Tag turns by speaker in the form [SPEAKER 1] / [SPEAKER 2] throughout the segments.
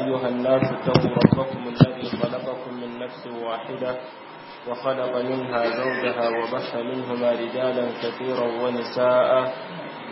[SPEAKER 1] أيها الناس اتقوا ربكم الذي خلقكم من نفس واحدة وخلق منها زوجها وبث منهما رجالا كثيرا ونساء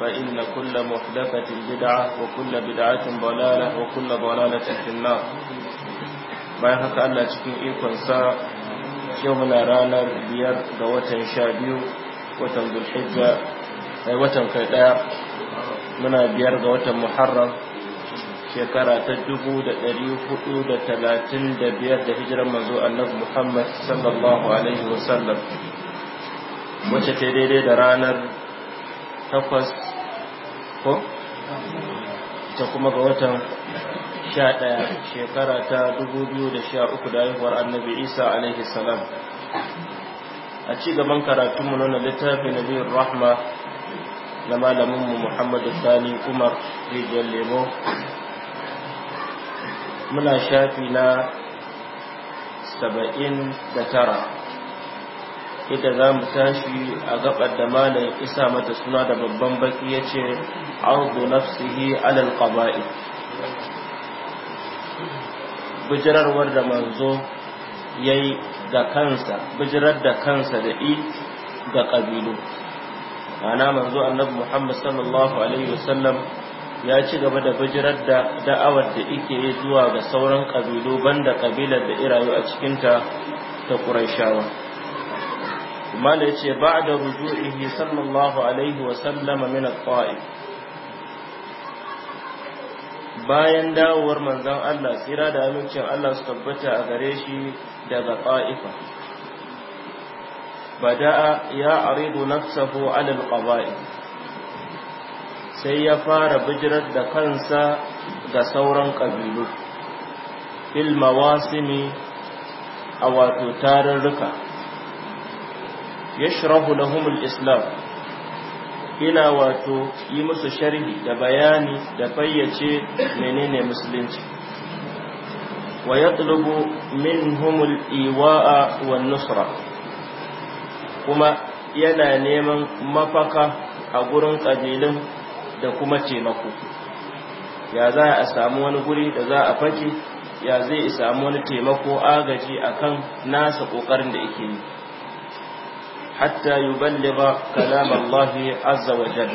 [SPEAKER 1] فإن كل محدثة بدعة وكل بدعة ضلالة وكل ضلالة في النار bayan haka Allah cikin ikonsa yau muna ranar biyar ga watan sha biyu watan zulhijja ai watan kai muna biyar ga watan muharram shekara ta dubu da ɗari hudu da talatin da biyar da hijiran manzo annabi muhammad sallallahu ta daidai da ranar takwas ko? ta kuma ga watan sha ɗaya shekara ta dubu biyu da sha uku da haihuwar annabi isa alaihi salam a ci gaban karatunmu na littafin na biyun rahma na malaminmu muhammadu sani umar rijiyar lemo muna shafi na saba'in da tara yadda za mu tashi a gabar da malam isa mata suna da babban baki ya ce ardu nafsihi alal qaba'i bijirarwar da manzo yayi ga kansa bijirar da kansa da i ga kabilu ana manzo annabi Muhammad sallallahu alaihi wasallam ya ci gaba da bijirar da da'awar da yake zuwa ga sauran kabilu banda kabilar da irayu a cikin ta Qurayshawa kuma da yace ba'da ruju'ihi sallallahu alaihi wa sallama min al bayan dawowar manzon Allah tsira da amincin Allah su tabbata a gare shi daga qa'ifa bada'a ya aridu nafsahu ala al sai ya fara bijirar da kansa ga sauran kabilu fil mawasimi a wato tarurruka yashrahu lahum humul islam ina wato yi musu sharhi da bayani da fayyace menene musulunci wa yatlubu minhum al-iwa'a wa nusra kuma yana neman mafaka a gurin kabilun da kuma taimako ya za a samu wani guri da za a fake ya zai samu wani taimako agaji akan nasa ƙoƙarin da yake yi hatta يبلغ كلام الله عز وجل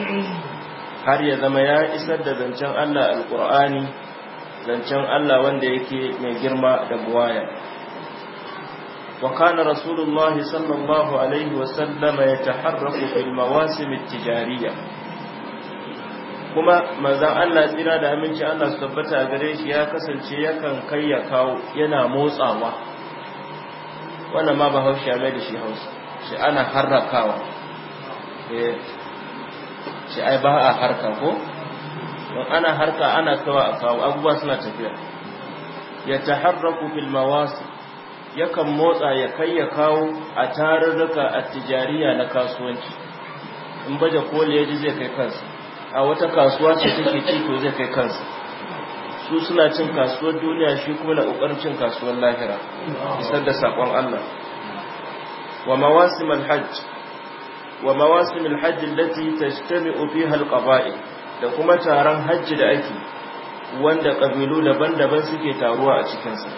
[SPEAKER 1] har ya zama ya isar da zancen Allah alqur'ani zancen Allah wanda yake mai girma da buwaya wa kana rasulullah sallallahu alaihi wa sallama yataharraku fil mawasim at-tijariyah kuma manzan Allah tsira da aminci Allah su tabbata a gare shi ya kasance yakan kai ya kawo yana motsawa wannan ma ba a mai da shi hausa shi ana harrakawa eh, shi ai ba a harka ko don ana harka ana kawa a kawo abubuwa suna tafiya ya ta harraku filmawasu yakan motsa ya kai ya kawo a tarurruka a tijariya na kasuwanci in baje koli ya ji zai kai kansa a wata kasuwa ce take ci to zai kai kansa su suna cin kasuwar duniya shi kuma na ƙoƙarin cin kasuwar lahira isar da saƙon Allah ومواسم الحج ومواسم الحج التي تجتمع فيها القبائل da kuma taron hajji da ake wanda kabilu daban-daban suke taruwa a cikinsa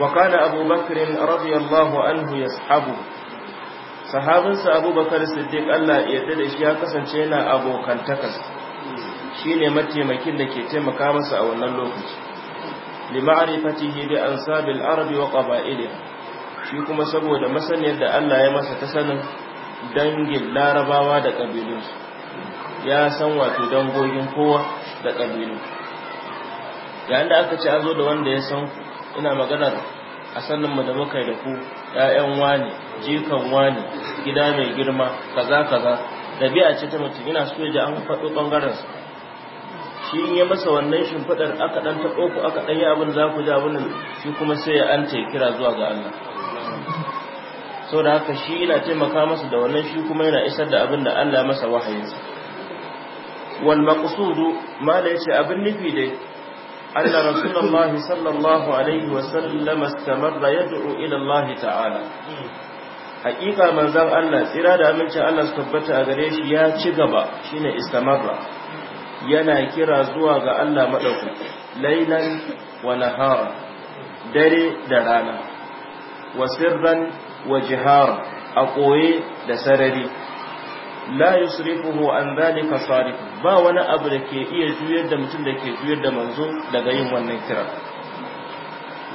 [SPEAKER 1] wa kana abubakar radiyallahu anhu yashabu sahabinsa abubakar siddiq Allah ya yarda da shi ya kasance yana abokantaka shine mataimakin da ke taimaka masa a wannan lokaci li ma'rifatihi bi ansabil arabi wa qaba'ilihi shi kuma saboda masaniyar da Allah ya masa ta sanin dangin larabawa da ƙabilunsu ya san wato dangogin kowa da ƙabilu yayin inda aka ce an zo da wanda ya san ina maganar a sanninmu da muka da ku ‘ya'yan wani jikan wani gida mai girma kaza kaza ɗabi'a ce ta mutum ina so da an faɗo ɓangarensa shi in ya masa wannan shimfiɗar aka ɗan taɓo ku aka ɗan yi abin za ku ja abin shi kuma sai ya an kira zuwa ga Allah sau da haka shi yana taimaka masa da wannan shi kuma yana isar da abin da Allah masa wahayinsa wal maqsudu mala yace abin nufi dai Allah rasulullahi sallallahu alaihi wa sallam istamarra yad'u ila Allah ta'ala haqiqa manzan Allah tsira da amincin Allah su tabbata a gare shi ya ci gaba shine istamarra yana kira zuwa ga Allah madaukaki lailan wa nahara dare da rana wa sirran wa jihara a koye da sarari la yusrifuhu an zalika sarif ba wani abu da ke iya juyar da mutum da ke juyar da manzo daga yin wannan kira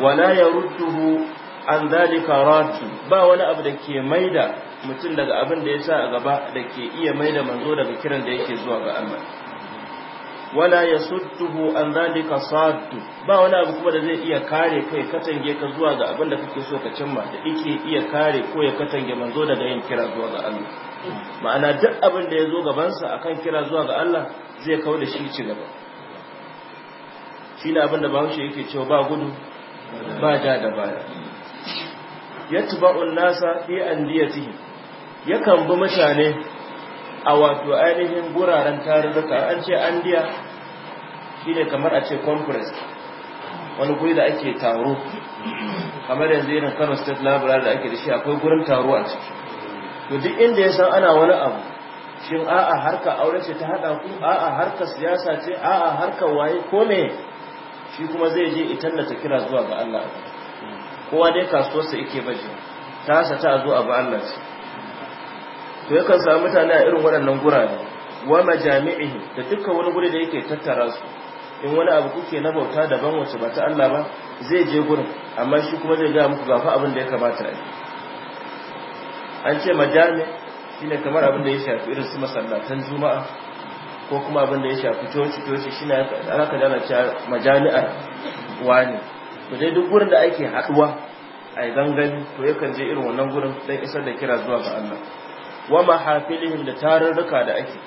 [SPEAKER 1] wala yarudduhu an zalika ratu ba wani abu da ke maida mutum daga abin da ya sa a gaba da ke iya maida manzo daga kiran da yake zuwa ga Allah wala yasudduhu an zalika saddu ba wani abu kuma da zai iya kare kai katange ka zuwa ga abin da kake so ka cimma da yake iya kare ko ya katange manzo daga yin kira zuwa ga Allah ma'ana duk abin da ya zo gabansa akan kira zuwa ga Allah zai kawo da shi ci gaba shi ne abin da bahaushe yake cewa ba gudu ba ja da baya yatba'un nasa fi andiyatihi yakan bi mutane a wato ainihin guraren tarurruka an ce an diya shi ne kamar a ce conference wani guri da ake taro kamar yanzu irin kano state library da ake da shi akwai gurin taro a ciki to duk inda ya san ana wani abu shin a'a harka aure ce ta haɗa ku a'a harka siyasa ce a'a harka waye ko me shi kuma zai je itan da ta kira zuwa ga Allah kowa dai kasuwarsa yake baje ta sa ta zo a ba Allah ce to yakan samu mutane a irin waɗannan gurare wa majami'ihi da dukkan wani guri da yake tattara su in wani abu kuke na bauta daban wacce ba ta Allah ba zai je gurin amma shi kuma zai ga muku gafa abin da ya kamata a yi an ce majami shine kamar abin da ya shafi irin su masallatan juma'a ko kuma abin da ya shafi coci coci shine aka dana cewa majami'ar wani to dai duk gurin da ake haduwa a gangani to yakan je irin wannan gurin don isar da kira zuwa ga Allah wa mahafilihim da tarurruka da ake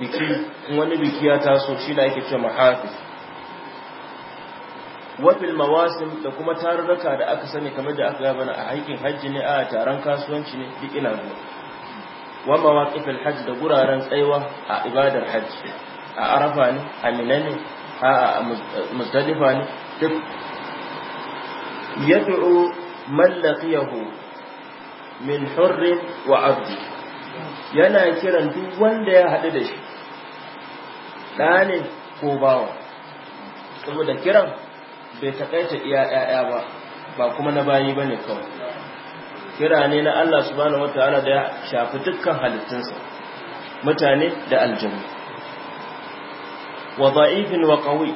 [SPEAKER 1] biki wani biki ya taso shi da ake ce mahafi wafil mawasim da kuma tarurruka da aka sani kamar da aka gabana a aikin hajji ne a taron kasuwanci ne duk ina zuwa wa mawaƙifin hajji da guraren tsaiwa a ibadar hajji a arafa ne a mina ne a musdalifa ne duk yadda mallakiyahu min hurri wa abdi yana kiran duk wanda ya haɗu da shi ɗa ne ko bawa saboda kiran bai taƙaita iya ƴaƴa ba ba kuma na bayi ba ne kawai kira ne na Allah subhanahu wa ta'ala da ya shafi dukkan halittunsa mutane da aljanu wa da'ifin wa qawi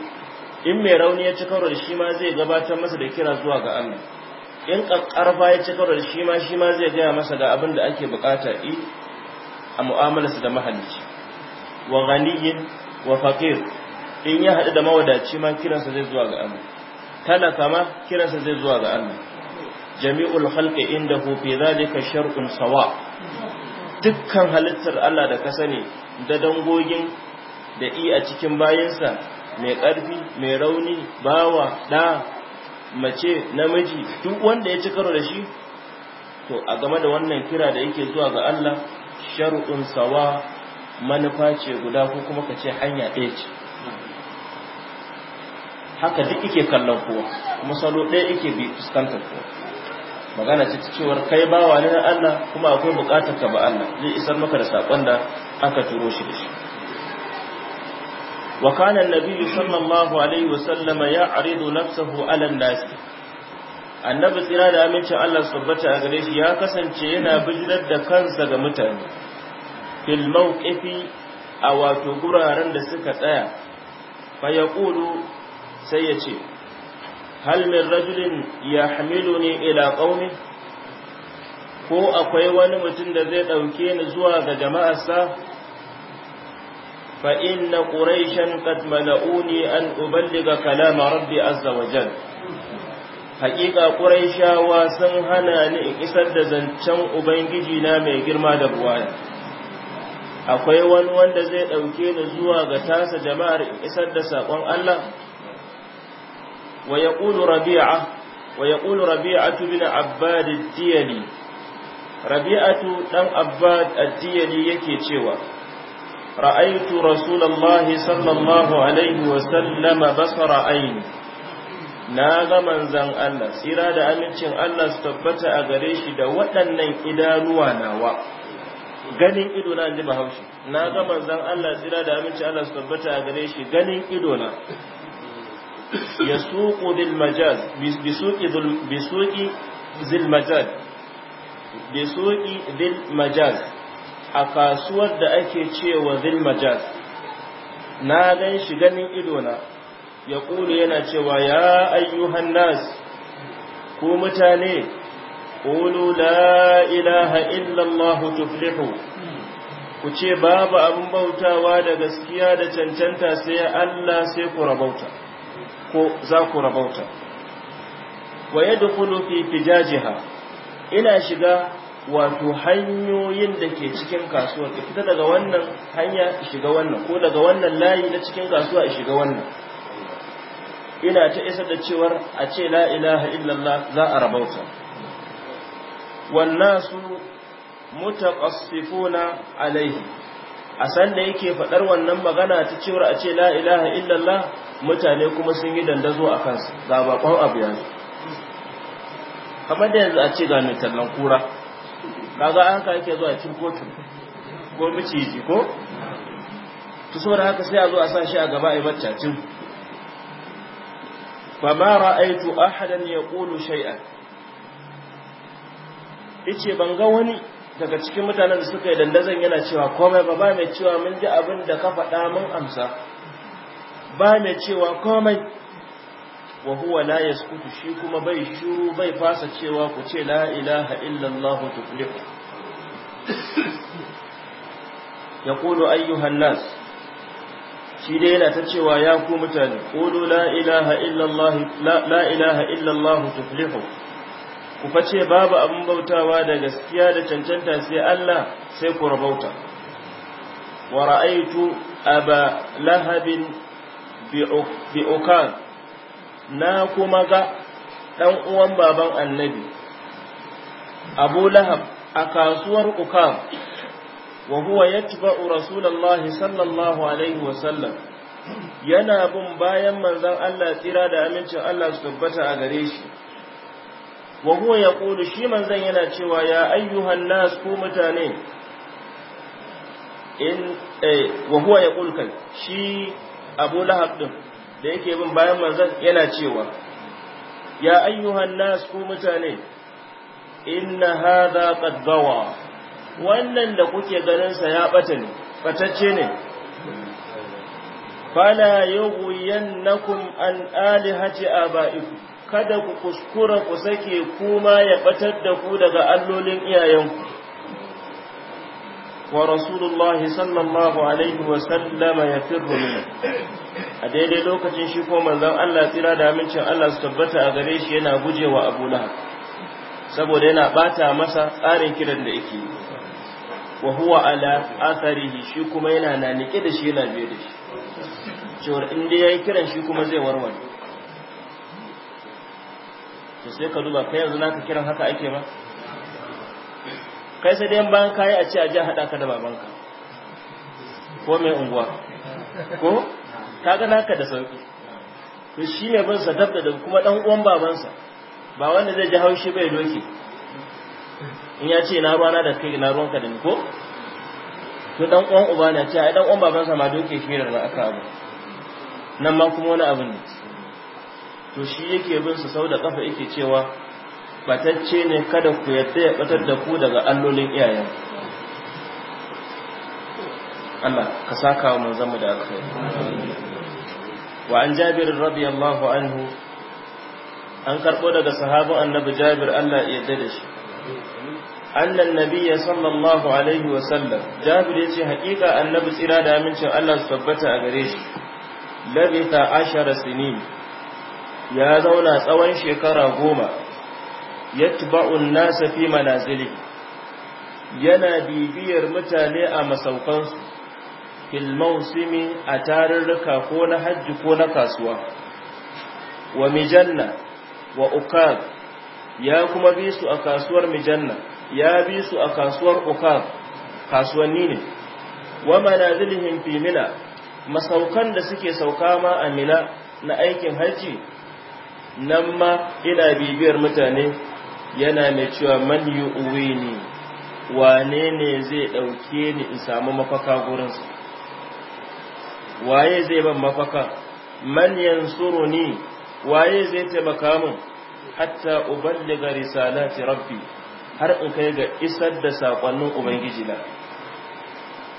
[SPEAKER 1] in mai rauni ya ci karo shi ma zai gabatar masa da kira zuwa ga Allah in ƙarfa ya ci karo da shi ma shi ma zai gaya masa da abin da ake bukata yi a mu'amalarsa da mahalicci wa ganiyin wa faƙir in ya haɗu da mawadaci ma kiransa zai zuwa ga Allah talaka ma kiransa zai zuwa ga Allah jami'ul hufi za da ka shar'un sawa dukkan halittar Allah da ka sani da dangogin da i a cikin bayansa mai ƙarfi mai rauni bawa ɗa. mace namiji duk wanda ya ci karo da shi to a game da wannan kira da yake zuwa ga Allah sharu'un sawa manufa ce guda ko kuma ka ce hanya ɗaya ce haka duk ike kallon kowa kuma salo ɗaya yake bi fuskantar kowa magana ce ta cewar kai bawa ne na Allah kuma akwai bukatar ka ba Allah zai isar maka da saƙon da aka turo shi da shi وكان النبي صلى الله عليه وسلم يعرض نفسه على الناس annabi tsira da amincin Allah su tabbata a gare shi ya kasance yana bijirar da kansa ga mutane fil mawqifi a wato guraren da suka tsaya fa yaqulu sai ya ce hal min rajulin yahmiluni ila qaumi ko akwai wani mutum da zai dauke ni zuwa ga jama'arsa فإن قريشا قد ملؤوني أن أبلغ كلام ربي عز وجل حقيقة قريشا وسنهنا نئسد زنشان أبنجينا من جرما دبوايا akwai wani wanda zai ɗauke ni zuwa ga tasa jama'ar isar da saƙon Allah wa ya ƙulu rabi'a wa ya ƙulu rabi'atu bin abbad diyali rabi'atu dan abbad diyali yake cewa رأيت رسول الله صلى الله عليه وسلم بصر عين na ga manzan Allah tsira da amincin Allah su tabbata a gare shi da waɗannan idanuwa nawa ganin ido na ji bahaushe na ga manzan Allah tsira da amincin Allah su tabbata a gare shi ganin ido na ya suƙo bil majaz bi suƙi zil majaz bi suƙi bil majaz a kasuwar da ake cewa zilmajaz na gan shi ganin idona ya ƙulu yana cewa ya ayyuhan nas ku mutane ƙulu la ilaha illallah tuflihu ku ce babu abin bautawa da gaskiya da cancanta sai Allah sai ku rabauta ko za ku rabauta wa yadkhulu fi fijajiha ina shiga wato hanyoyin da ke cikin kasuwar ka fita daga wannan hanya shiga wannan ko daga wannan layi na cikin kasuwa shiga wannan ina ta isa da cewar a ce la ilaha illallah za a rabauta wannan su mutaqassifuna alaihi a san da yake faɗar wannan magana ta cewar a ce la ilaha illallah mutane kuma sun yi dandazo a kansu ga bakon abu yanzu kamar da yanzu a ce ga mai tallan kura kaga an ka yake zuwa cikin kotu ko miciji ko to saboda haka sai a zo a sa shi a gaba a bacca cin fa ma ra'aytu ahadan yaqulu shay'an yace ban ga wani daga cikin mutanen da suka yi dandazon yana cewa komai ba ba mai cewa mun ji abin da ka faɗa mun amsa ba mai cewa komai wa huwa la yaskutu shi kuma bai shuru bai fasa cewa ku ce la ilaha illallah tuflihu yaqulu ayyuhan nas shi dai yana ta cewa ya ku mutane qulu la ilaha illallah la ilaha illallah tuflih ku face babu abin bautawa da gaskiya da cancanta sai Allah sai ku rabauta wa ra'aytu aba lahabin bi na kuma ga ɗan uwan baban annabi abu lahab a kasuwar ukam wa huwa yatba'u rasulullahi sallallahu alaihi wa sallam yana bin bayan manzon Allah tsira da amincin Allah su tabbata a gare shi wa huwa yaqulu shi manzon yana cewa ya ayyuhan nas ku mutane in eh wa huwa kai shi abu lahab din da yake bin bayan maza yana cewa ya ayyuhan nas ku mutane inna hadha qad dawa wannan da kuke ganin sa ya bata ne batacce ne fala yughyannakum an alihati abaikum kada ku kuskura ku sake kuma ya batar da ku daga allolin iyayenku wa rasulullahi sallallahu alaihi wa sallama yafirru minhu a daidai lokacin shi ko manzon Allah tsira da amincin Allah su tabbata a gare shi yana gujewa Abu Lahab saboda yana bata masa tsarin kiran da yake wa huwa ala atharihi shi kuma yana nike da shi yana biye da shi cewar in dai yayi kiran shi kuma zai warware to sai ka duba kai yanzu naka kiran haka ake ba kai sai dai bayan kayi a ce a ji haɗa ka da babanka ko mai unguwa ko gana haka da sauki to shi ne bin sa dab da kuma dan uwan babansa ba wanda zai ji haushi bai doke in ya ce na ruwana da kai na ruwanka da ni ko to dan uwan uba na ce ai dan uwan babansa ma doke shi da aka abu nan ma kuma wani abu ne to shi yake bin su sau da kafa yake cewa batacce ne kada ku yadda ya batar da ku daga allolin iyayen Allah ka saka wa manzanmu da aka yi wa an jabir radiyallahu anhu an karɓo daga sahabin annabi jabir Allah ya yarda da shi annan nabiyya sallallahu alaihi wa sallam jabir ce haƙiƙa annabi tsira da amincin Allah su tabbata a gare shi labita ashara sinin ya zauna tsawon shekara goma yatba'un nasa fi manazili yana bibiyar mutane a masaukansu fil mausimi a tarurruka ko na hajji ko na kasuwa wa mijanna wa ukab ya kuma bi su a kasuwar mijanna ya bi su a kasuwar ukab kasuwanni ne wa manazilihim fi mina masaukan da suke sauka ma a mina na aikin hajji nan ma ina bibiyar mutane yana mai cewa man yi uwe ne wane ne zai ɗauke ni in samu mafaka gurinsa waye zai ban mafaka man yansuruni waye zai taimaka min hatta uballiga risalati rabbi har in kai ga isar da sakonnin ubangiji na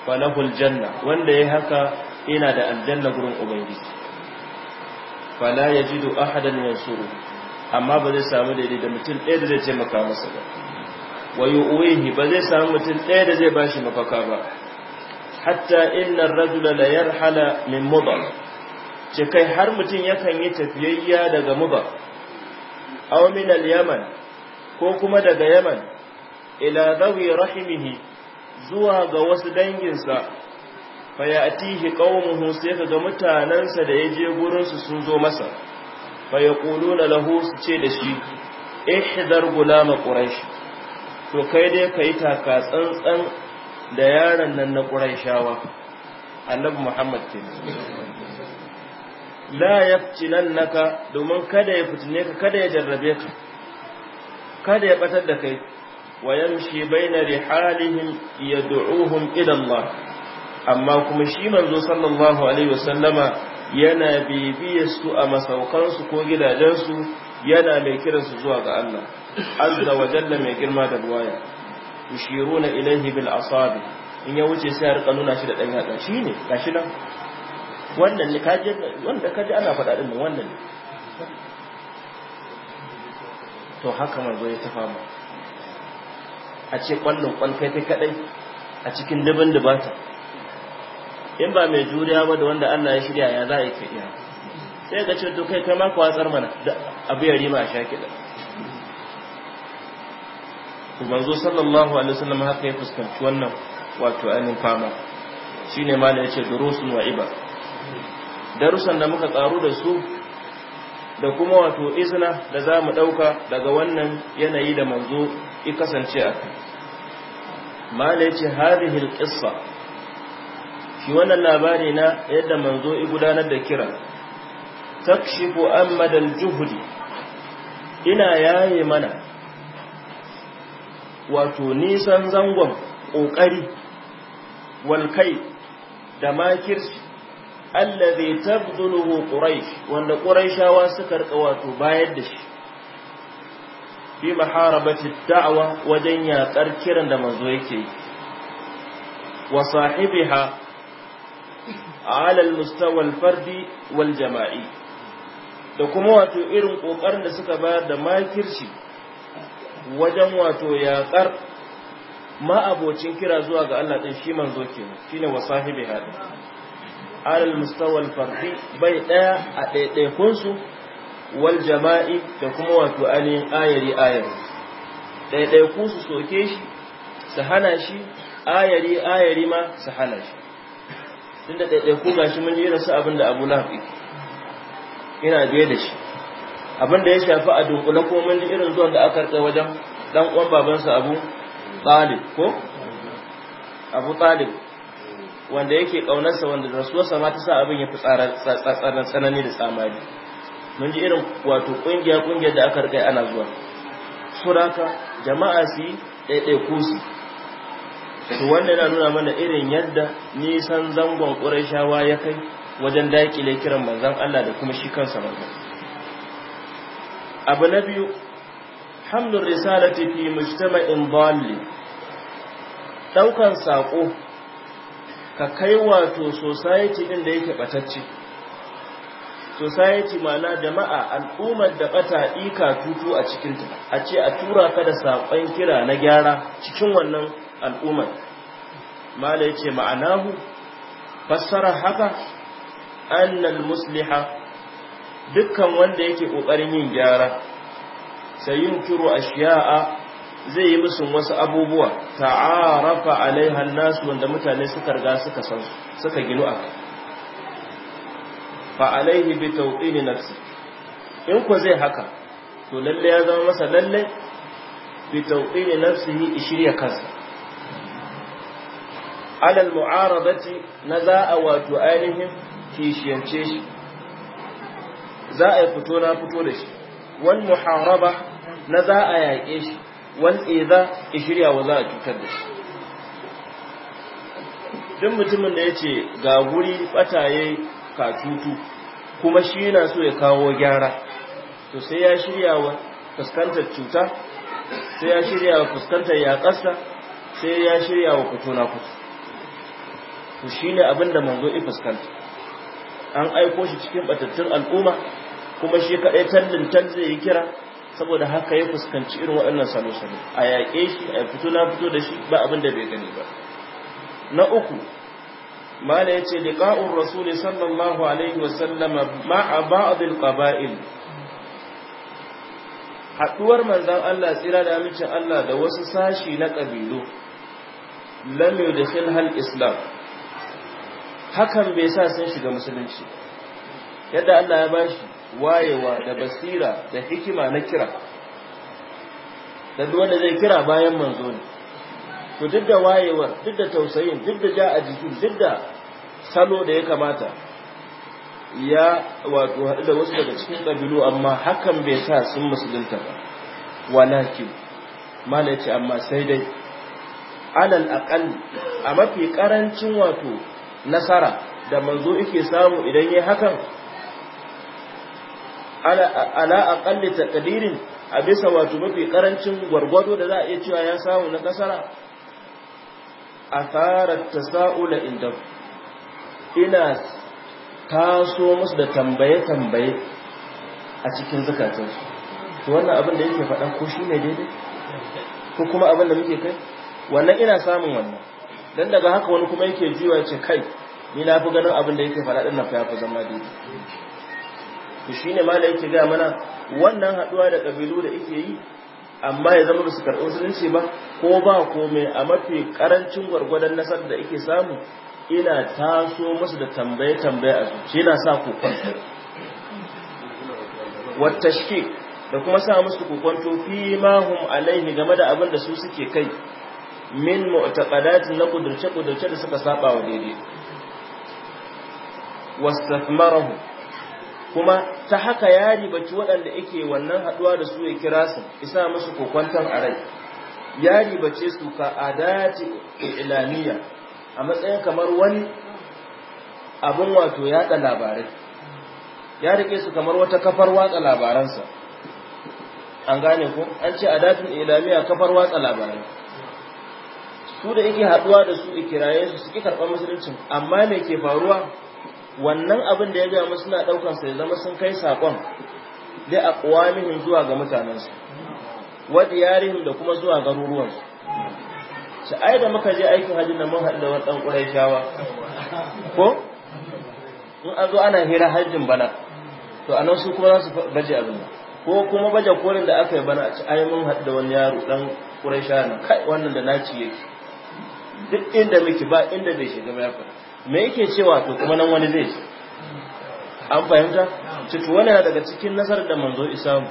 [SPEAKER 1] falahul janna wanda yayi haka ina da aljanna gurin ubangiji fala yajidu ahadan yansuru amma ba zai samu daidai da mutum ɗaya da zai taimaka masa ba wa uwe ba zai samu mutum ɗaya da zai bashi mafaka ba hatta inna rajula la yarhala min mudar ce kai har mutum yakan yi tafiyayya daga mudar aw min al-yaman ko kuma daga yaman ila dawi rahimihi zuwa ga wasu danginsa fa ya'tihi qaumuhu sai kaga mutanansa da yaje gurin su sun zo masa fa yaquluna lahu su ce da shi ihdar gulama quraish to kai dai kai taka tsantsan da yaron nan na ƙuraishawa annabi muhammad ce la naka domin kada ya fitine ka kada ya jarrabe ka kada ya batar da kai wa yamshi baina rihalihim yad'uhum ila Allah amma kuma shi manzo sallallahu alaihi wasallama yana bibiyar su a masaukan su ko gidajen su yana mai kiransu zuwa ga Allah azza wa jalla mai girma da buwaya yushiruna ilaihi bil asabi in ya wuce sai ya rika nuna shi da dan yatsa shine gashi nan wannan ne kaje wanda kaje ana faɗa din wannan ne to haka manzo ya tafa mu a ce kwallon kwal kai kai kadai a cikin dubin dubata in ba mai juriya ba da wanda Allah ya shirya ya za a yi kai sai ga ce to kai kai ma kwatsar mana abu ya rima a sha to manzo sallallahu alaihi wasallam haka ya fuskanci wannan wato ainin fama shine ma da yace durusun wa iba darusan da muka karu da su da kuma wato izina da za mu ɗauka daga wannan yanayi da manzo i kasance a kai mala yace ce hadihil ƙissa shi wannan labari na yadda manzo i gudanar da kira takshifu an madal juhudi ina yaye mana wato nisan zangon ƙoƙari walkai da makirci allazi tabduluhu quraish wanda quraishawa suka rika wato bayar da shi Bi maharabati da'wa wajen yatsar kiran da manzo yake wa sahibiha ala al-mustawa al-fardi wal jama'i da kuma wato irin kokarin da suka bayar da makirci wajen wato yaƙar ma'abocin kira zuwa ga Allah ɗin shi manzo ke shi ne wa sahibi hada alal mustawal fardi bai ɗaya a ɗaiɗaikunsu wal jama'i da kuma wato ainihin ayari ayari ɗaiɗaiku su soke shi su hana shi ayari ayari ma su hana shi tunda ɗaiɗaiku gashi mun yi rasu abin da abu lahab ina biye da shi abin da ya shafi a dunkule ko mun ji irin zuwan da aka rike wajen dan uwan babansa Abu Talib ko Abu Talib wanda yake kaunarsa wanda rasuwarsa ma ta sa abin ya fi tsaran tsanani da tsamari mun ji irin wato kungiya kungiya da aka rike ana zuwa suraka jama'a su ɗaiɗai ku su to wannan yana nuna mana irin yadda nisan zangon ƙurashawa ya kai wajen daƙile kiran manzon Allah da kuma shi kansa manzon abu na biyu hamdun risalati fi mujtama'in dalli daukan sako ka kai wato society din da yake batacce society ma'ana jama'a al'ummar da bata ika tutu a cikin a ce a tura ka da sakon kira na gyara cikin wannan al'ummar mala yace ma'anahu fassara haka annal musliha dukkan wanda yake kokarin yin gyara sai a ashiya'a zai yi musu wasu abubuwa ta'arafa alaiha nasu wanda mutane suka riga suka san suka ginu a fa alaihi bi tawqin nafsi in ko zai haka to lalle ya zama masa lalle bi nafsi nafsihi ishiriya kansa alal mu'aradati na za a wato ainihin kishiyance shi za a yi fito na fito da shi wal muharaba na za a yaƙe shi wal tsiza shirya wa za a cutar da shi duk mutumin da ya ce ga guri ɓataye katutu kuma shi yana so ya kawo gyara to sai ya shirya wa fuskantar cuta sai ya shirya wa fuskantar yaƙarsa sai ya shirya wa fito na fito to shi ne abin da manzo i fuskanta an aiko shi cikin batattun al'umma kuma shi kaɗai tallin tal zai yi kira saboda haka ya fuskanci irin waɗannan salo-salo a yaƙe shi a fito na fito da shi ba abin da bai gani ba na uku mala ya ce liƙa'un rasuli sallallahu alaihi wasallama a ba'adil qaba'il haɗuwar manzan Allah tsira da amincin Allah da wasu sashi na ƙabilu Lami da hal islam hakan bai sa sun shiga musulunci yadda Allah ya bashi wayewa da basira da hikima na kira dan wanda zai kira bayan manzo ne to duk da wayewar duk da tausayin duk da ja a jikin duk da salo da ya kamata ya wato haɗu da wasu daga cikin ƙabilu amma hakan bai sa sun musulunta ba walakin malaci amma sai dai alal aqal a mafi ƙarancin wato nasara da manzo yake samu idan yi hakan ala ala aqalli taqdirin abisa wato mafi karancin gwargwado da za a iya cewa ya samu na kasara atharat tasaula inda ina taso musu da tambaye tambaye a cikin zakatansu to wannan abin da yake faɗa ko shine daidai ko kuma abin da muke kai wannan ina samun wannan dan daga haka wani kuma yake jiwa ya ce kai ni na fi ganin abin da yake faɗa ɗin na fi yafi zama daidai to shi ne mala yake gaya mana wannan haɗuwa da ƙabilu da yake yi amma ya zama su karɓi musulunci ba ko ba komai a mafi ƙarancin gwargwadon nasar da yake samu ina taso musu da tambaye tambaye a zuci yana sa kokon wata shi da kuma sa musu kokon to fi mahum alaihi game da abin da su suke kai min mu'taqadatin na kudurce-kudurce da suka saba wa daidai wastafmarahu kuma ta haka ya ribaci waɗanda yake wannan haɗuwa da su ya kira su isa musu kokwantar a rai ya ribace su ka adati ilaniya a matsayin kamar wani abin wato yaɗa labarai ya rike su kamar wata kafar watsa labaransa an gane ku an ce adatin ilamiya kafar watsa labarai su da yake haɗuwa da su ikirayen su suke karɓar musuluncin amma me ke faruwa wannan abin da ya gaya musu na ɗaukar su zama sun kai saƙon dai a ƙwamihin zuwa ga mutanensu wa diyarihim da kuma zuwa garuruwansu su ai da muka je aikin hajji na mun haɗu da wani ɗan shawa, ko in an zo ana hira hajjin bana to anan su kuma za su baje abin ko kuma baje kolin da aka yi bana a ci ai mun haɗu da wani yaro ɗan ƙurayshawa kai wannan da naci yake duk inda muke ba inda bai shiga ba ya faɗa me yake cewa to kuma nan wani zai an fahimta cikin wani daga cikin nasarar da manzo isamu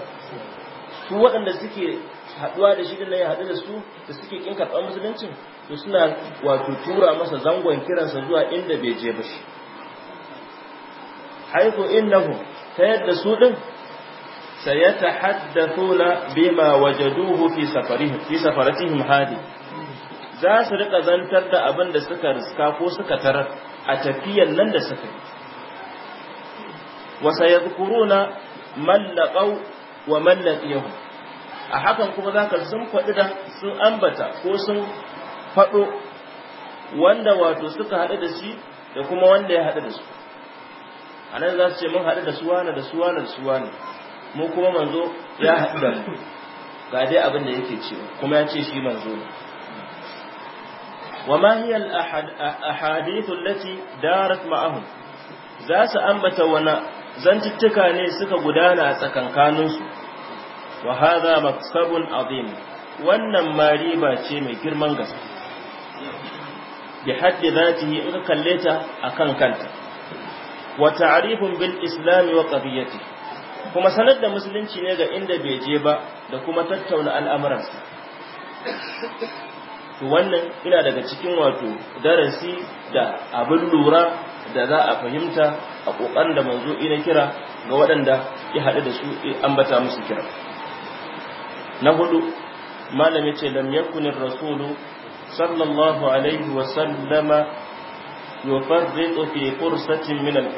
[SPEAKER 1] su waɗanda suke haɗuwa da shi da ya haɗu da su da suke ƙin karɓar musuluncin to suna wato tura masa zangon kiransa zuwa inda bai je ba shi haiku innahu ta yadda su din sayatahaddathuna bima wajaduhu fi safarihim fi safaratihim hadi za su rika zantar da abin da suka riska ko suka tarar a tafiyan nan da suka yi wasa ya na mallaƙau wa mallaƙiyahu a hakan kuma za ka sun faɗi da sun ambata ko sun faɗo wanda wato suka haɗu da shi da kuma wanda ya haɗu da su a nan za su ce mun haɗu da suwa na da suwa na da suwa ne mu kuma manzo ya haɗu da mu ga dai abin da yake cewa kuma ya ce shi manzo ne وما هي الأحاديث التي دارت معهم za su ambata wani zantuttuka ne suka gudana a tsakankaninsu wa haza azim wannan ma ce mai girman gaske bi haddi zatihi in ka kalle ta akan kanta wa ta'rifun bil islam wa qadiyati kuma sanar da musulunci ne ga inda bai je ba da kuma tattauna al'amuransa to wannan ina daga cikin wato darasi da abin lura da za a fahimta a ƙoƙarin da manzo ina kira ga waɗanda ya haɗu da su ambata musu kira na hudu malam ya ce lam yakunin rasulu sallallahu alaihi wa sallama yufarriqu fi fursatin min al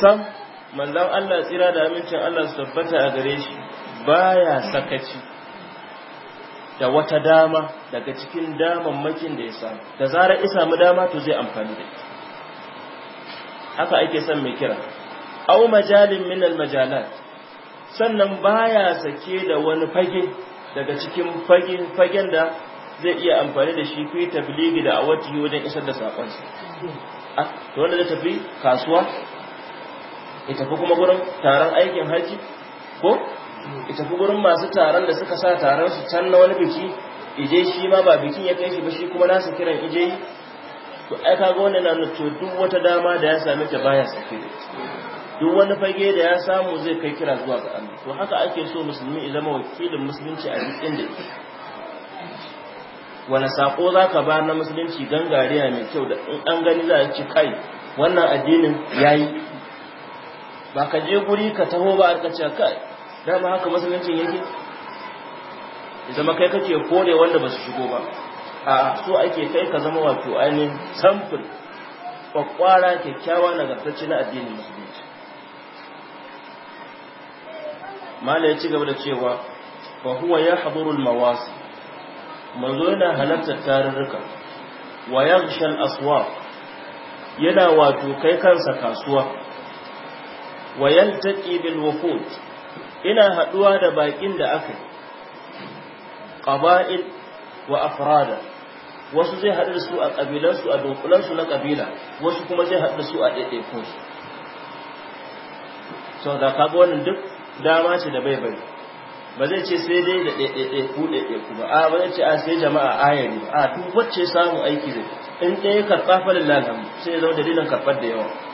[SPEAKER 1] sam manzon Allah tsira da amincin Allah su tabbata a gare shi baya sakaci da wata dama daga cikin damammakin da ya samu da zara isa mu dama to zai amfani da ita haka ake son mai kira au majalin min al sannan baya sake da wani fage daga cikin fagen fagen da zai iya amfani da shi fi tabligi da awati wajen isar da sakon sa ah, to wanda zai tafi kasuwa ya tafi kuma gurin taron aikin haji ko ya tafi gurin masu taron da suka sa taron su can na wani biki ije shi ma ba bikin ya kai shi ba shi kuma nasu kiran ije yi to ai kaga wannan na to duk wata dama da ya sami ta baya sake duk wani fage da ya samu zai kai kira zuwa ga Allah to haka ake so musulmi ya zama wakilin musulunci a duk da wani sako za ka ba na musulunci gangariya mai kyau da in an gani za a ci kai wannan addinin ya yi ba ka je guri ka taho ba a ka ce kai dama haka musuluncin yake zama kai kake kore wanda ba su shigo ba a so ake kai ka zama wato ainihin samfur kwakwara kyakkyawa na gartacci na addinin musulunci mala ya ci gaba da cewa ba huwa ya haɗurul mawasi manzo yana halartar tarurruka wa shan asuwa yana wato kai kansa kasuwa wa taƙi bil wufud ina haɗuwa da baƙin da aka yi ƙaba'il wa afrada wasu zai haɗu da su a ƙabilansu a dunkulansu na ƙabila wasu kuma zai haɗu da su a ɗaiɗaikunsu sau da kaga wannan duk dama ce da bai bai ba zai ce sai dai da ɗaiɗaiɗaiku ɗaiɗaiku ba a ba zai ce a sai jama'a ayari ba a duk wacce samu aiki zai in ɗaya karɓa falin lalamu sai ya zama dalilin karɓar da yawa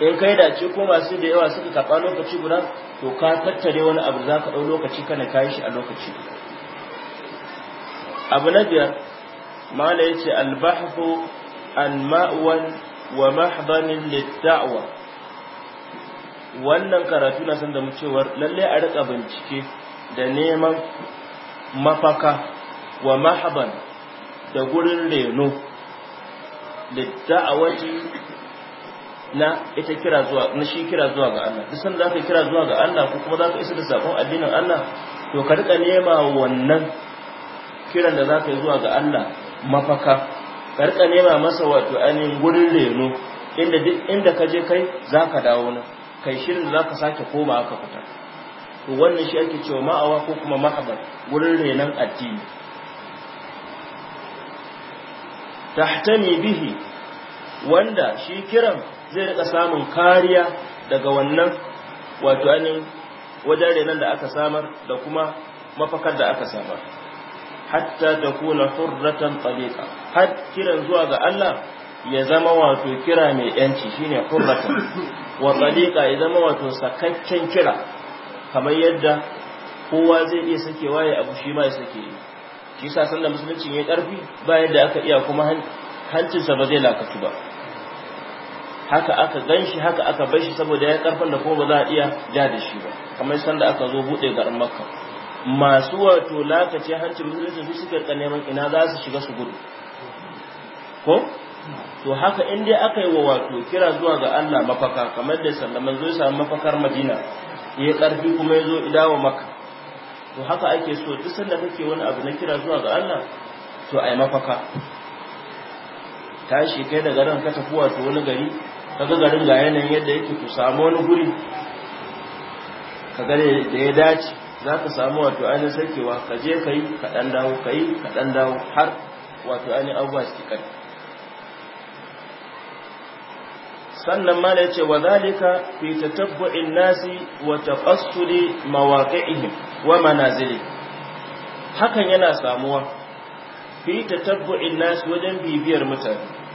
[SPEAKER 1] in kai da ce ko masu da yawa suka kafa lokaci guda to ka tattare wani abu za ka ɗau lokaci kana kayi shi a lokaci abu na biyar mala ya ce albahu an wa mahbanin littawa wannan karatu na san da mu cewar lalle a rika bincike da neman mafaka wa mahaban da gurin reno littawati na ita kira zuwa na shi kira zuwa ga Allah duk sanda zaka kira zuwa ga Allah ko kuma zaka isa da sakon addinin Allah to ka rika nema wannan kiran da zaka yi zuwa ga Allah mafaka ka rika nema masa wato ainihin gurin reno inda duk inda ka je kai zaka dawo nan kai shirin da zaka sake koma aka fita to wannan shi ake cewa ma'awa ko kuma mahabar gurin renon addini tahtani bihi wanda shi kiran zai rika samun kariya daga wannan wato anin wajen renon da aka samar da kuma mafakar da aka samar hatta ta kuna hurratan tsalika har kiran zuwa ga Allah ya zama wato kira mai yanci shine hurratan wa tsalika ya zama wato sakakken kira kamar yadda kowa zai iya sakewa ya abu shi ma ya sake shi sa sanda musulunci ya karfi ba yadda aka iya kuma hancinsa ba zai lakatu ba haka aka gan shi haka aka bar shi saboda ya karfan da kuma ba za a iya ja da shi ba kamar sanda aka zo bude garin makka masu wato lakace hancin musulunci su suke neman ina za su shiga su gudu ko to haka in dai aka yi wa wato kira zuwa ga Allah mafaka kamar da sallaman zo samu mafakar Madina ya karfi kuma ya zo idawa maka to haka ake so duk sanda kake wani abu na kira zuwa ga Allah to ai mafaka tashi kai da garin ka tafi wato wani gari kaga garin ga yanayin yadda yake ku samu wani guri ka gane da ya dace za ka samu wato ainihin sarkewa ka je ka yi kaɗan dawo ka yi kaɗan dawo har wato ainihin abubuwa su ƙar sannan ma ya ce wa zalika fi tatabbu'in nasi wa tafassuli mawaqi'ihim wa manazili hakan yana samuwa fi tatabbu'in nasi wajen bibiyar mutane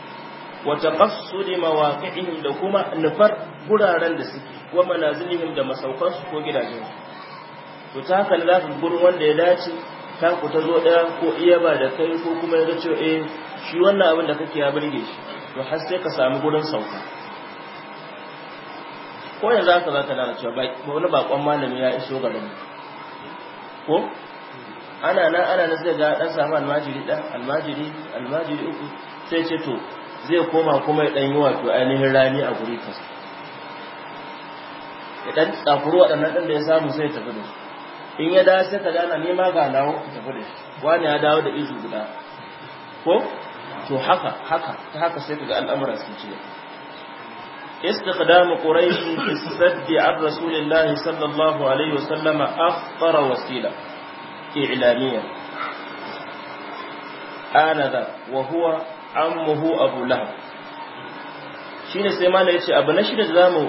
[SPEAKER 1] wa taqassudi mawaqi'ihim da kuma nufar guraren da suke wa manazilihim da masaukan su ko gidajen su to ta haka za ku gurin wanda ya dace ta ku ta zo daya ko iya ba da kai ko kuma ya ce eh shi wannan abin da kake ya burge shi to har sai ka samu gurin sauka ko yanzu haka za ka lalace ba wani bakon malami ya iso mu, ko ana nan ana nan sai ga dan samu almajiri dan almajiri almajiri uku sai ce to zai koma kuma ya ɗan yi wato ainihin rani a guri kasa ya ɗan tsakuru waɗannan ɗan da ya samu sai ya tafi da su in ya dawo sai ka gana nema ga dawo ka tafi da shi wani ya dawo da izu guda ko to haka haka ta haka sai ka ga al'amuran sun ce استخدام قريش في السد عن رسول الله صلى الله عليه وسلم أخطر وسيلة إعلامية آنذا وهو ammuhu abu lahab shine sai mana ce, abu na shida da zamu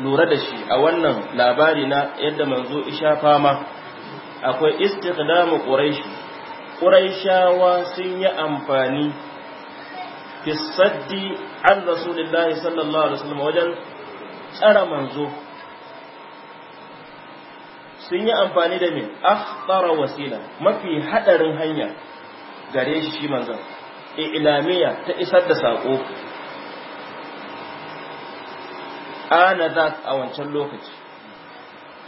[SPEAKER 1] lura da shi a wannan labari na yadda manzo isha fama akwai istiqdamu quraish quraishawa sun yi amfani fi saddi an rasulillahi sallallahu alaihi wasallam wajen tsara manzo sun yi amfani da me akhtara wasila mafi haɗarin hanya gare shi shi ilamiya ta isar da saƙo ana za a wancan lokaci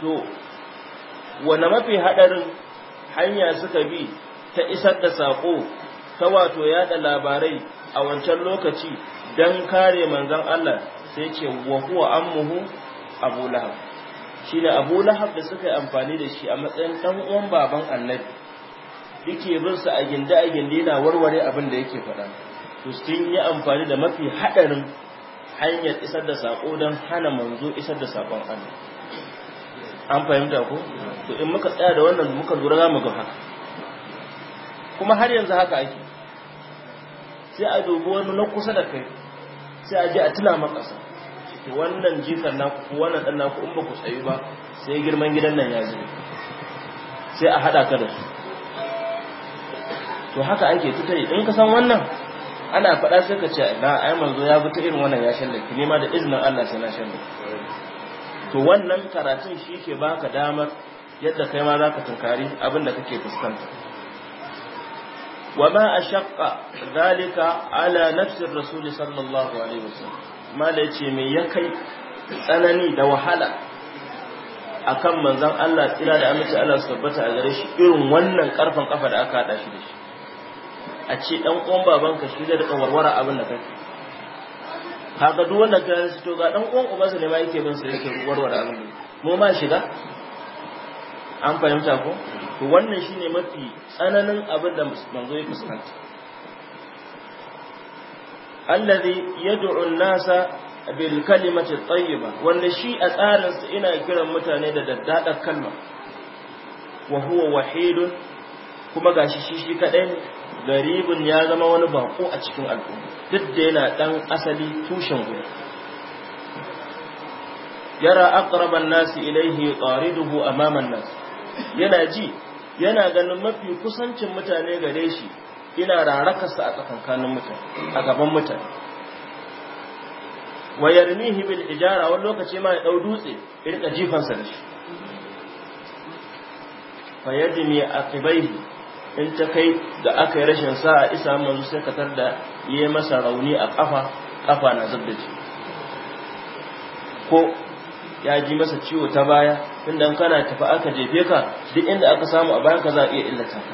[SPEAKER 1] to wane mafi haɗarin hanya suka bi ta isar da saƙo ta wato yada labarai a wancan lokaci don kare manzon Allah sai ce wa huwa ammuhu abu lahab shi ne abu lahab da suka yi amfani da shi a matsayin ɗan uwan baban annabi yake bin su a gindi a gindi yana warware abin da yake faɗa to sun yi amfani da mafi haɗarin hanyar isar da sako don hana manzo isar da sakon Allah an fahimta ko to in muka tsaya da wannan muka lura za mu ga haka kuma har yanzu haka ake sai a dubi wani na kusa da kai sai a je a tuna makasa wannan jikan naku ko wannan dan naku in ba ku tsayu ba sai girman gidan nan ya zube sai a hada ka da su to haka ake ta yi in ka san wannan ana faɗa sai ka ce na ai manzo ya bi ta irin wannan ya shallake ne ma da izinin Allah sai na shallake to wannan karatun shi ke baka damar yadda kai ma zaka tunkari abin da kake fuskanta a ashaqqa zalika ala nafsi rasul sallallahu alaihi wasallam mala ce me ya kai tsanani da wahala akan manzon Allah tsira da amince Allah su tabbata a gare shi irin wannan karfan kafa da aka hada shi da shi a ce dan uwan ka shi zai rika warware abin da kai haka duk wanda ka to ga dan uwan ubansa ne ma yake bin sa yake warware abin da mu ma shiga an fahimta ko to wannan shine mafi tsananin abin da manzo ya fuskanta allazi yad'u an-nasa bil kalimati tayyiba wanda shi a tsarin sa ina kiran mutane da daddadar kalma wa huwa wahidun kuma gashi shi shi kadai garibin ya zama wani bako a cikin al'umma duk da yana dan asali tushen guri yara aqraban nasi ilaihi qariduhu amama nas yana ji yana ganin mafi kusancin mutane gare shi ina rarakarsa a tsakankanin mutane a gaban mutane wa bil ijara wani lokaci ma ya dau dutse ya jifan jifansa da shi fa aqibaihi in ta kai da aka yi rashin sa'a isa manzo sai ka tar da yi masa rauni a kafa kafa na da ce ko ya ji masa ciwo ta baya tunda kana tafi aka jefe ka duk inda aka samu a bayan ka za a iya illata ka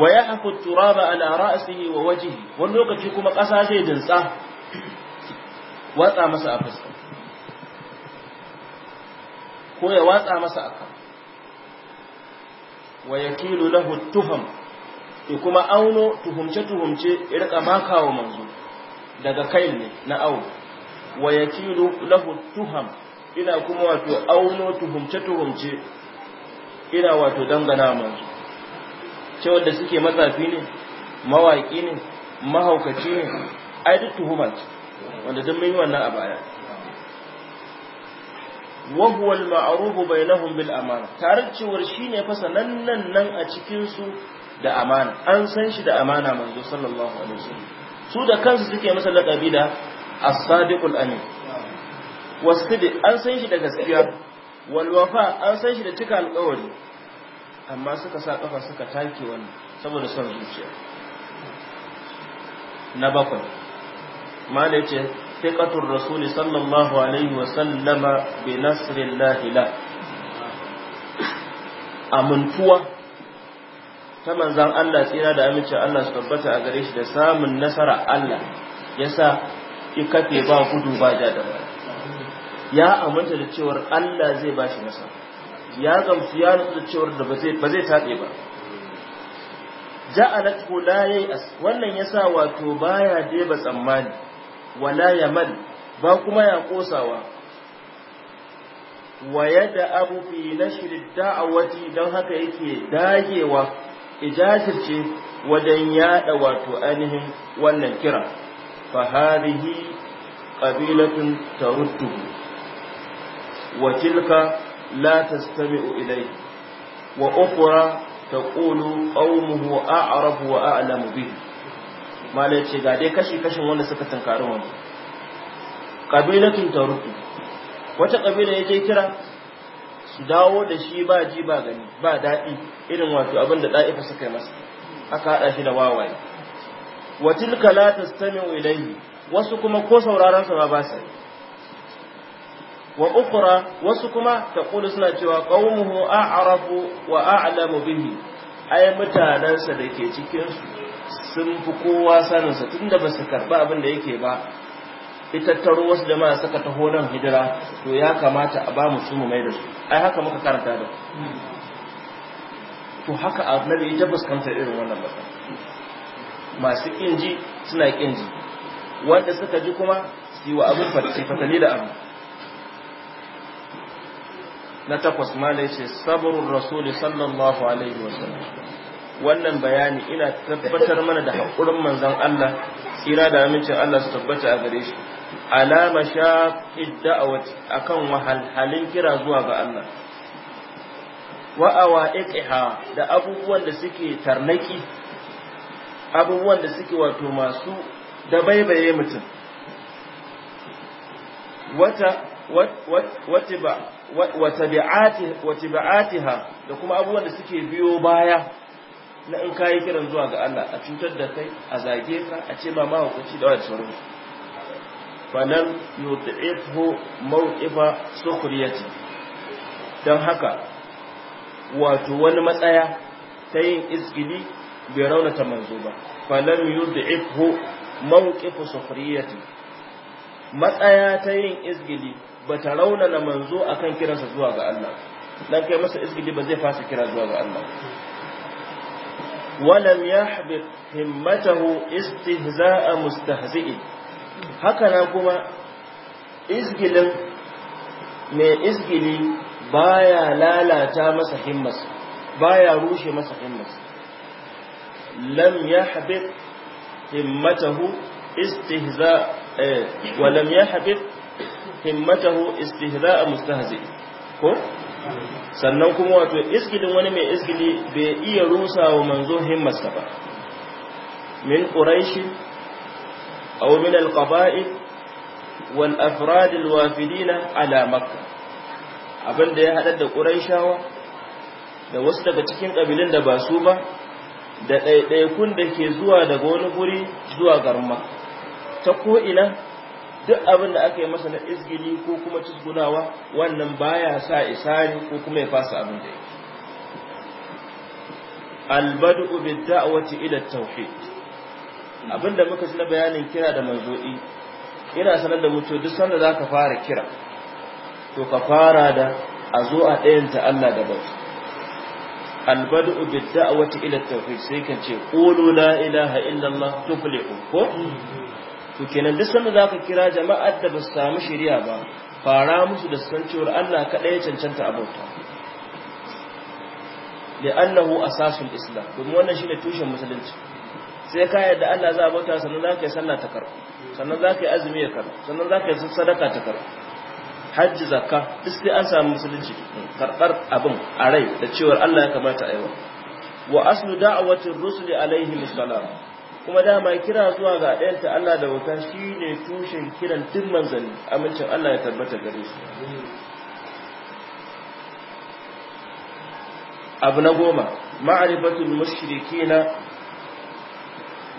[SPEAKER 1] wa ya haku turaba ala ra'asihi wa waje? wani lokaci kuma ƙasa zai dinsa watsa masa a fuska ko ya watsa masa a kan wa yakilu lahu tuham to kuma auno tuhumce tuhumce irka rika makawa manzo daga kai ne na au wa yakilu lahu tuham ina kuma wato auno tuhumce tuhumce ina wato dangana manzo ce da suke matsafi ne mawaki ne mahaukaci ne ai duk tuhuma wanda duk mun yi wannan a baya wa huwa bai nahu bainahum bil amana tare cewar shine fasa sanannan nan a cikin su da amana an san shi da amana manzo sallallahu alaihi wasallam su da kansu suke masa laqabi da as-sadiqul amin wasidi an san shi da gaskiya wal wafa an san shi da cika alƙawari amma suka sa kafa suka take wannan saboda son zuciya na bakwai malai ce ثقة الرسول صلى الله عليه وسلم بنصر الله له amintuwa ta manzan Allah tsira da amincin Allah su tabbata a gare shi da samun nasara Allah yasa ki kafe ba gudu ba ja da ya aminta da cewar Allah zai ba shi nasara ya gamsu ya nutsu cewar da ba zai taɓe ba ja'alat la yay'as wannan yasa wato baya dai ba tsammani wala ya mal ba kuma ya kosawa wa yadda abu fi a da'awati don haka yake dagewa ijazirce wajen yada wato ainihin wannan kira fa hadhihi qabilatun tarudduhu wa tilka la tastami'u ilayhi wa ukhra taqulu qawmuhu a'rafu wa a'lamu bihi malai ce ga dai kashi kashin wanda suka tunkari wanzu ƙabilatun taruku wata ƙabila ya je kira su dawo da shi ba ji ba gani ba daɗi irin wato abin da ɗa'ifa suka yi masa aka haɗa shi da wawaye wa tilka la tastami'u ilayhi wasu kuma ko sauraron sa ba ba sa wa ukhra wasu kuma ta taqulu suna cewa qaumuhu a'rafu wa a'lamu bihi ay sa da ke cikinsu. sun fi kowa saninsa tun da ba su karɓi abin da yake ba taro wasu jama'a saka taho nan hijira to ya kamata a ba mu su mu mai da su ai haka muka karanta da to haka annabi ya fuskanta irin wannan ba. masu kin ji suna kin ji wanda suka ji kuma su wa abin fatali da abu na takwas ma da yace sabrul rasul sallallahu alaihi wasallam wannan bayani ina tabbatar mana da haƙurin manzon Allah tsira da amincin Allah su tabbata a gare shi alama shaqid da'awati akan wahalhalin kira zuwa ga Allah wa awaiqiha da abubuwan da suke tarnaki abubuwan da suke wato masu da baibaye mutum wata wat, wata da kuma abubuwan da suke biyo baya na in ka yi kiran zuwa ga Allah a cutar da kai a zage ka a ce ba ma hukunci da wani sauran fanan yuti'hu mawqifa sukhriyati Don haka wato wani matsaya ta yin izgili bai raunata manzo ba fanan yuti'hu mawqifa sukhriyati matsaya ta yin izgili bata raunana manzo a kan kiransa zuwa ga Allah dan kai masa izgili ba zai fasa kira zuwa ga Allah ولم يحبط همته استهزاء مستهزئ هكذا كما izgilin mai izgili baya lalata masa himmas baya rushe masa himmas lam yahbit himmatahu istihza wa lam himmatahu istihza mustahzi ko sannan kuma wato iskilin wani mai iskili bai iya rusa wa manzo himmasa ba min ƙuraishi aw min alqaba'id wal afrad alwafidina ala makka abinda ya haɗa da quraishawa da wasu daga cikin ƙabilun da ba su ba da ɗaiɗaikun da ke zuwa daga wani guri zuwa garma ta ko'ina. duk abin da aka yi masa na izgili ko kuma cizgunawa wannan baya sa isari ko kuma ya fasa abin da yake albadu bid da'wati ila abin abinda muka ji na bayanin kira da manzo'i ina sanar da mutu duk sanda ka fara kira to ka fara da a zo a ɗayan ta Allah da bauta albadu bid da'wati ila tauhid sai kan ce qulu la ilaha illallah tuflihu ko to kenan duk sanda zaka kira jama'ar da ba su samu shari'a ba fara musu da san cewa Allah kadai ya cancanta abauta annahu asasul islam domin wannan shine tushen musulunci sai ka yarda Allah za a bauta sannan zaka yi sallah ta karbu sannan zaka yi azumi ya karbu sannan zaka yi sadaka ta karbu hajji zakka duk sai an samu musulunci karbar abin a rai da cewar Allah ya kamata a yi wa aslu da'awatir rusuli alaihi salam kuma dama kira zuwa ga ɗayanta Allah da wuta shi ne tushen kiran tun manzanni amincin Allah ya tabbata gare su abu na goma ma'arifatul mushrikina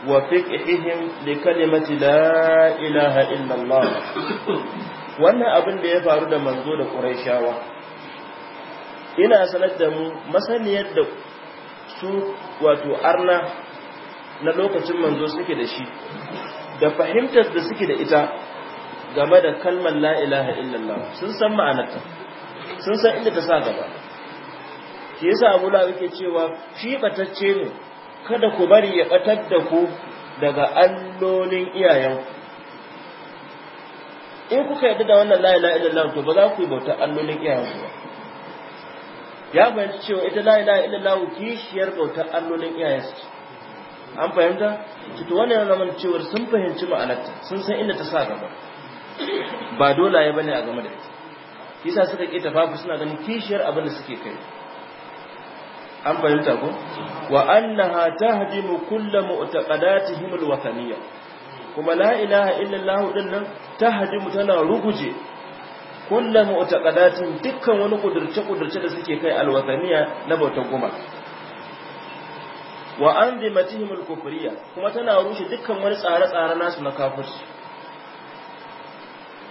[SPEAKER 1] wa fiqhihim li kalimati la ilaha illa Allah wannan abin da ya faru da manzo da Qurayshawa ina sanar da mu masaniyar da su wato arna na lokacin manzo suke da shi da fahimtar da suke da ita game da kalmar la ilaha illallah sun san ma'anarta sun san inda ta sa gaba shi yasa Abu Lahab yake cewa shi batacce ne kada ku bari ya batar da ku daga allolin iyayen in kuka yarda da wannan la ilaha illallah to ba za ku yi bautar allolin iyayen ku ya fahimci cewa ita la ilaha illallah kishiyar bautar allolin iyayen su an fahimta cito wani ya zama cewar sun fahimci ma'anarta sun san inda ta sa gaba ba dolaye bane a game da ita kisa suka ke tafafi suna ganin kishiyar abin da suke kai an fahimta ko wa annaha tahdimu kullu mu'taqadatihim alwathaniyya kuma la ilaha illallah din nan tahdimu tana ruguje kullu mu'taqadatin dukkan wani kudurce kudurce da suke kai alwathaniya na bautan kuma. wa anzimatihim al-kufriyya kuma tana rushe dukkan wani tsare-tsare nasu na kafirci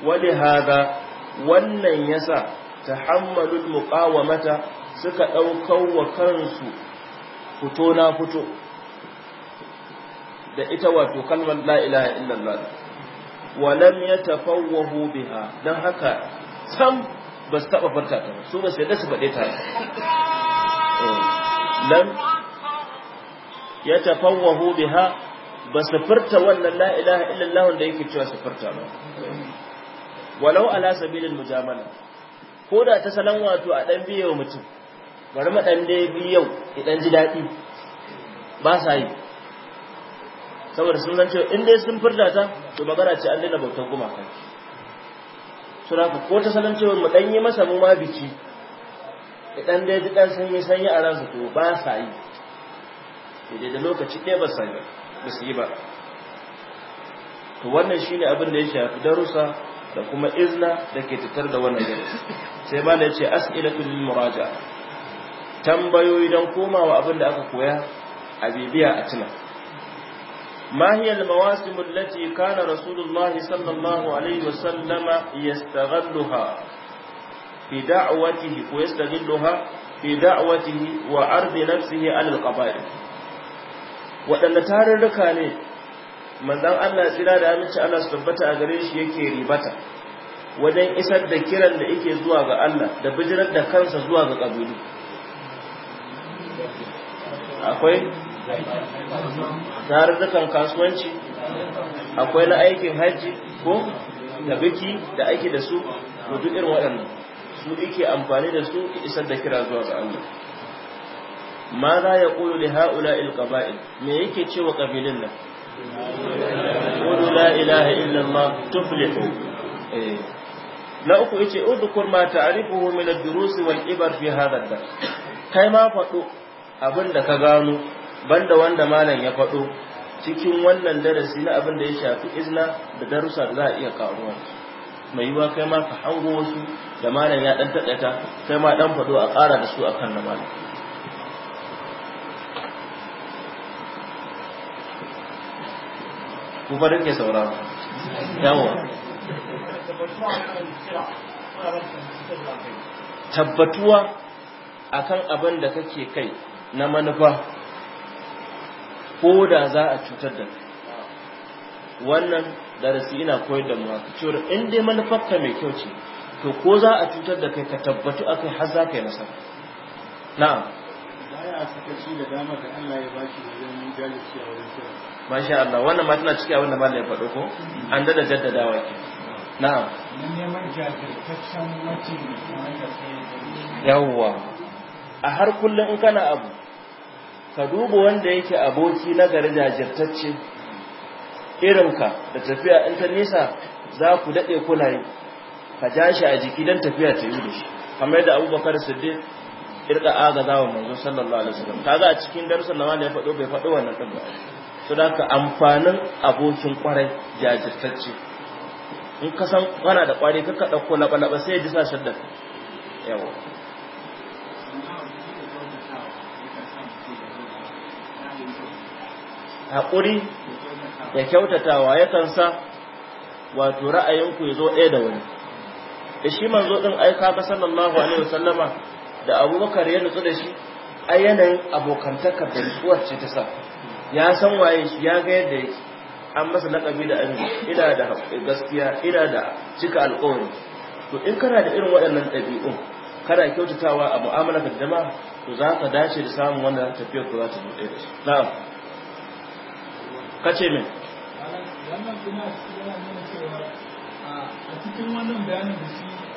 [SPEAKER 1] wani hada wannan yasa tahammalul muqawamata suka daukar wa kansu fito na fito da ita wato kalmar la ilaha illallah wa lam yatafawwahu biha dan haka sam ba su taba farta ta su ba su da su bade ta ya tafawwahu biha ba su furta wannan la ilaha illallah wanda yake cewa su furta ba walau ala sabilil mujamala ko da ta salan wato a dan biyo mutum bari mu dan dai biyo idan ji dadi ba sa yi saboda sun zance in dai sun furta ta to magana ce an daina bautar kai suna ko ta salan cewa mu dan yi masa mu ma biki idan dai ji dan sanyi sanyi a ransa to ba sa yi idan da lokaci ɗaya ba sami ba su yi ba To wannan shi ne abin da ya shafi darussa da kuma izna da ke titar da wannan yanzu sai ba da ya ce as'ilatul muraja tambayoyi don komawa abin da aka koya a bibiya a tuna ma hiya almawasim allati kana rasulullah sallallahu alaihi wa sallam yastaghalluha fi da'watihi ko yastaghalluha fi da'watihi wa ardi nafsihi ala alqaba'il waɗanda tarurruka ne manzan Allah tsira da aminci Allah su tabbata a gare shi yake ribata wajen isar da kiran da yake zuwa ga Allah da bijirar da kansa zuwa ga ƙabilu akwai
[SPEAKER 2] tarurrukan kasuwanci akwai na
[SPEAKER 1] aikin hajji ko da biki da ake da su da duk irin waɗannan su yake amfani da su isar da kira zuwa ga Allah ma za ya ƙulu li ha'ula ilƙaba'il me yake cewa ƙabilun nan
[SPEAKER 2] ƙulu la ilaha illallah
[SPEAKER 1] tuflihu eh. na uku yace udkur ma ta'rifuhu min ad-durus wal ibar fi hadha ad kai ma faɗo abin ka gano banda wanda malam ya faɗo cikin wannan darasi na abin da ya shafi izna da darussa da za a iya karuwa mai yiwa kai ma ka hango wasu da malam ya dan taɗata kai ma ɗan faɗo a ƙara da su akan na ku fa rike sauraro yawo tabbatuwa akan abin da kake kai na manufa ko da za a cutar da wannan darasi ina koyar da mu haka cewa in dai manufarka mai kyau ce to ko za a cutar da kai ka tabbatu akai har za ka yi nasara na'am Masha Allah wannan ma tana cikin abin da malam ya faɗo ko an da jaddadawa ke na'am yawwa a har kullum in kana abu ka duba wanda yake aboki na gari jajirtacce irinka da tafiya in ta nisa za ku daɗe kulaye, ka ja shi a jiki don tafiya ta yi da shi kamar yadda abubakar siddiq firda agaza wa manzo sallallahu alaihi wasallam kaga a cikin darussan da wanda ya faɗo bai faɗo wannan din ba to da ka amfanin abokin kwarai jajirtacce in ka san kana da kwari ka ko laba laba sai ya ji sa shaddar yawa haƙuri da kyautatawa yakan sa wato ra'ayinku ya zo ɗaya da wani da shi manzo ɗin aika ka sallallahu alaihi wasallama da abubakar ya nutsu da shi a yanayin abokantaka da nutsuwar ce ta sa ya san waye shi ya ga yadda yake an masa laƙabi da amin ina da gaskiya ina da cika alkawari to in kana da irin waɗannan ɗabi'un kana kyautatawa a mu'amala da jama'a to za ka dace da samun wanda tafiyar ku za ta buɗe da shi na'am kace min
[SPEAKER 2] wannan kuma a cikin wannan bayanin da shi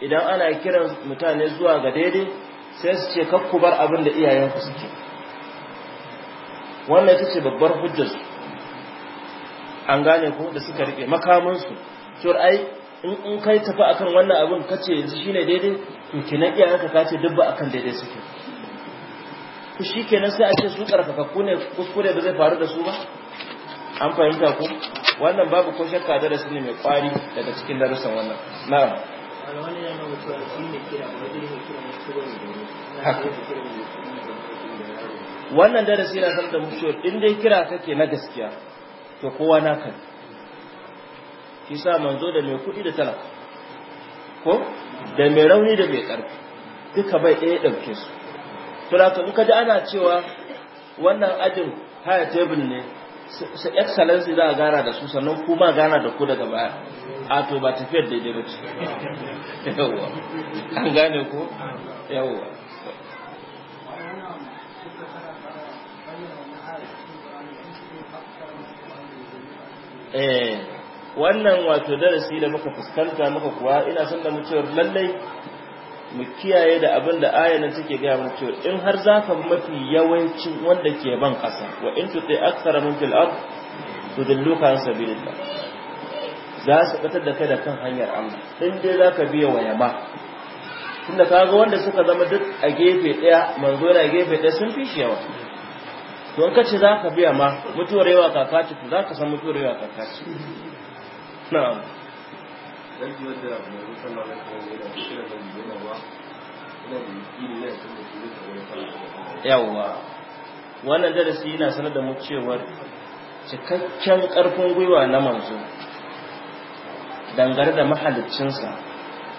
[SPEAKER 1] idan ana kiran mutane zuwa ga daidai sai su ce kakku bar abin da iyayenku suke wannan ita ce babbar hujjarsu an gane ko da suka rike makamansu cewar ai in in kai tafi akan wannan abin kace yanzu shine daidai to kinan iyayenka ka ce dubba akan daidai suke ku shi kenan sai a ce su karfafakku ne kuskure da zai faru da su ba an fahimta ku wannan babu ko shakka darasi ne mai kwari daga cikin darasin wannan na'am wannan darasi na sanar da mu cewa in dai kira kake na gaskiya to kowa na kan shi sa manzo da mai kuɗi da talaka ko da mai rauni da mai ƙarfi duka bai ɗaya ɗauke su to da ka ana cewa wannan ajin haya tebul ne su excellence za a gana da su sannan kuma gana da ku daga baya a to ba tafiyar daidai ba ce yawwa an gane ko yawwa eh, wannan wato darasi da muka fuskanta muka kuwa ina son da mu cewa lallai mu kiyaye da abin da ayan take gaya mu cewa in har zaka mafi yawancin wanda ke ban ƙasa wa in tuti aktsara min fil ard tudilluka an da za su fitar da kai da kan hanyar amma in dai zaka biya wa yama tunda kaga wanda suka zama duk a gefe daya manzo na gefe ɗaya sun fi shi yawa to in kace zaka biya ma mutuwar yawa kakaci za zaka san mutuwar yawa kakaci na'am yawwa wannan darasi yana sanar da mu cewar cikakken ƙarfin gwiwa na manzo dangane da mahaliccinsa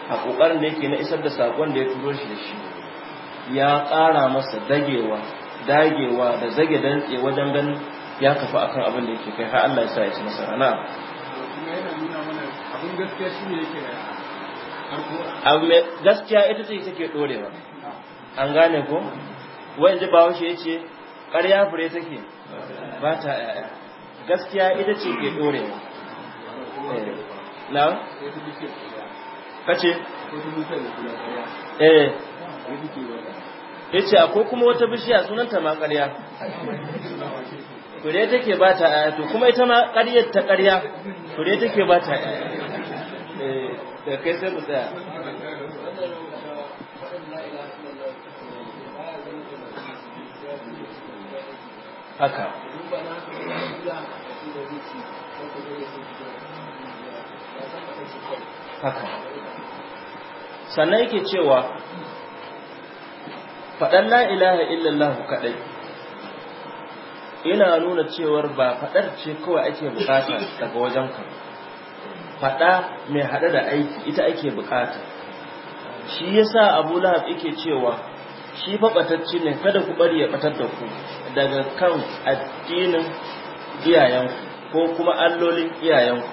[SPEAKER 1] a ƙoƙarin da yake na isar da saƙon da ya turo shi da shi ya ƙara masa dagewa dagewa da zage dantse wajen ganin ya kafa akan abin da yake kai har Allah ya sa ya ci nasara na
[SPEAKER 2] abin gaskiya shi ne yake
[SPEAKER 1] abu mai gaskiya ita ce take dorewa an gane ko wanda ba wace yace ƙarya fure take ba ta yaya gaskiya ita ce ke dorewa na kace eh yace akwai kuma wata bishiya sunanta ma ƙarya fure take ba ta yaya to kuma ita ma ƙaryar ta ƙarya fure take ba ta yaya da kai sai mu tsaya
[SPEAKER 2] haka haka
[SPEAKER 1] sannan yake cewa faɗan la ilaha illallah kaɗai ina nuna cewar ba faɗar ce kawai ake bukata daga wajen ka faɗa mai haɗe da aiki ita ake bukata shi yasa abu lahab yake cewa shi fa ne kada ku bari ya batar da ku daga kan addinin iyayenku ko kuma allolin iyayenku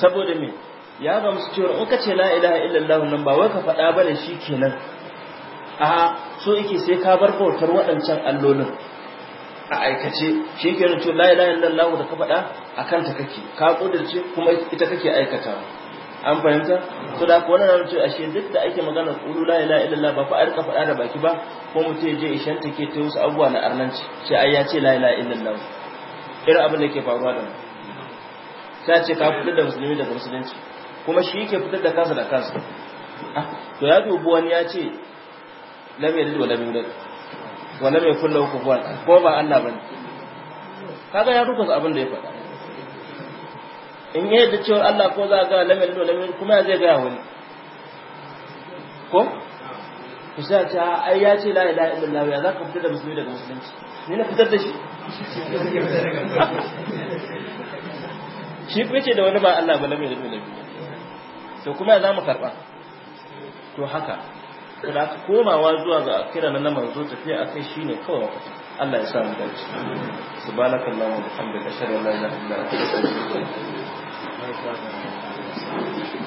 [SPEAKER 1] saboda me ya musu cewa in ka ce la ilaha illallah nan ba wai ka faɗa bane kenan a so yake sai ka bar bautar waɗancan allolin a aikace shi ke nuna cewa la ilaha illallah da ka faɗa a ta kake ka kudirce kuma ita kake aikata an fahimta to da ko wannan ce ashe duk da ake magana qulu la ilaha illallah ba fa a rika faɗa da baki ba ko mutum ya je ishan take ta wasu abubuwa na arnanci sai ai ya ce la ilaha illallah irin abin da ke faruwa da mu ta ce ka fitar da musulmi daga musulunci kuma shi yake fitar da kansa da kansa ah, to ya dubi wani ya ce lam yalid wa lam yulad wala mai kullu kufuwan ko ba Allah bane kaga ya rukusa abin da ya faɗa in yi da cewa Allah ko za ga lamin do lamin kuma zai ga wani ko ku sa ta ai ya ce la ilaha illallah ya za ka fitar da musulmi daga musulunci ni na fitar da shi shi kuma ce da wani ba Allah ba lamin do lamin to kuma za mu karba to haka saboda haka komawa zuwa ga akira na manzo tafiya akai shine kawai Allah ya sa mu dace subhanakallahu wa bihamdika ashhadu an la ilaha illa anta astaghfiruka wa atubu ilaik